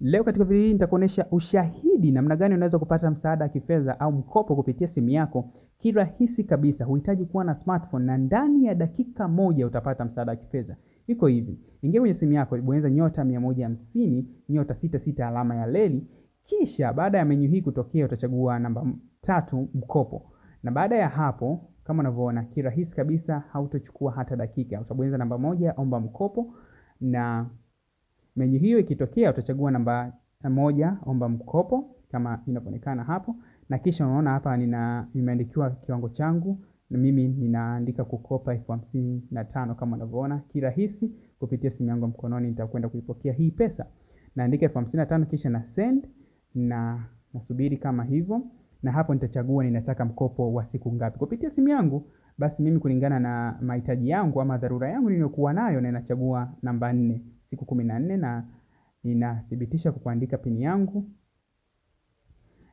Leo katika video hii nitakuonesha ushahidi namna gani unaweza kupata msaada wa kifedha au mkopo kupitia simu yako kirahisi kabisa. Huhitaji kuwa na smartphone na ndani ya dakika moja utapata msaada wa kifedha. Iko hivi, ingia kwenye simu yako, bonyeza nyota 150 nyota 66 alama ya leli, kisha baada ya menyu hii kutokea utachagua namba tatu, mkopo, na baada ya hapo kama unavyoona kirahisi kabisa, hautochukua hata dakika. Utabonyeza namba moja, omba mkopo na Menyu hiyo ikitokea, utachagua namba moja, omba mkopo, kama inavyoonekana hapo, na kisha unaona hapa nina nimeandikiwa kiwango changu na mimi ninaandika kukopa elfu hamsini na tano kama unavyoona, kirahisi kupitia simu yangu mkononi nitakwenda kuipokea hii pesa. Naandika elfu hamsini na tano kisha na send na nasubiri kama hivyo, na hapo nitachagua ninataka mkopo wa siku ngapi kupitia simu yangu. Basi mimi kulingana na mahitaji yangu ama dharura yangu niliyokuwa nayo, na ninachagua namba nne siku kumi na nne na ninathibitisha kwa kuandika pini yangu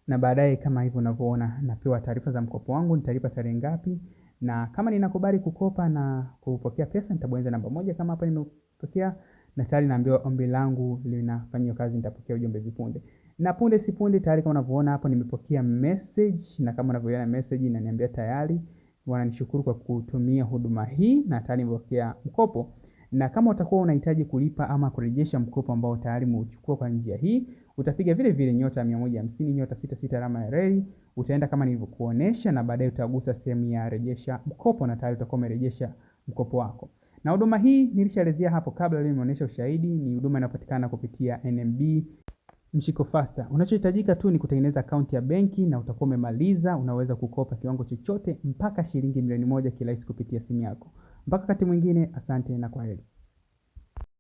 na baadaye kama hivyo unavyoona napewa taarifa za mkopo wangu, nitalipa tarehe ngapi, na kama ninakubali kukopa na kupokea pesa nitabonyeza namba moja. Kama hapa nimepokea na tayari naambiwa ombi langu linafanyiwa kazi, nitapokea ujumbe vipunde. Na punde si punde tayari kama unavyoona hapo nimepokea message, na kama unavyoona message inaniambia tayari wananishukuru kwa kutumia huduma hii na tayari nimepokea mkopo na kama utakuwa unahitaji kulipa ama kurejesha mkopo ambao tayari umeuchukua kwa njia hii, utapiga vile vile nyota 150 nyota 66 alama ya reli, utaenda kama nilivyokuonesha, na baadaye utagusa sehemu ya rejesha mkopo, na tayari utakuwa umerejesha mkopo wako. Na huduma hii nilishaelezea hapo kabla, leo nimeonesha ushahidi. Ni huduma inayopatikana kupitia NMB Mshiko Fasta. Unachohitajika tu ni kutengeneza akaunti ya benki na utakuwa umemaliza. Unaweza kukopa kiwango chochote mpaka shilingi milioni moja kirahisi kupitia simu yako. Mpaka wakati mwingine, asante na kwaheri.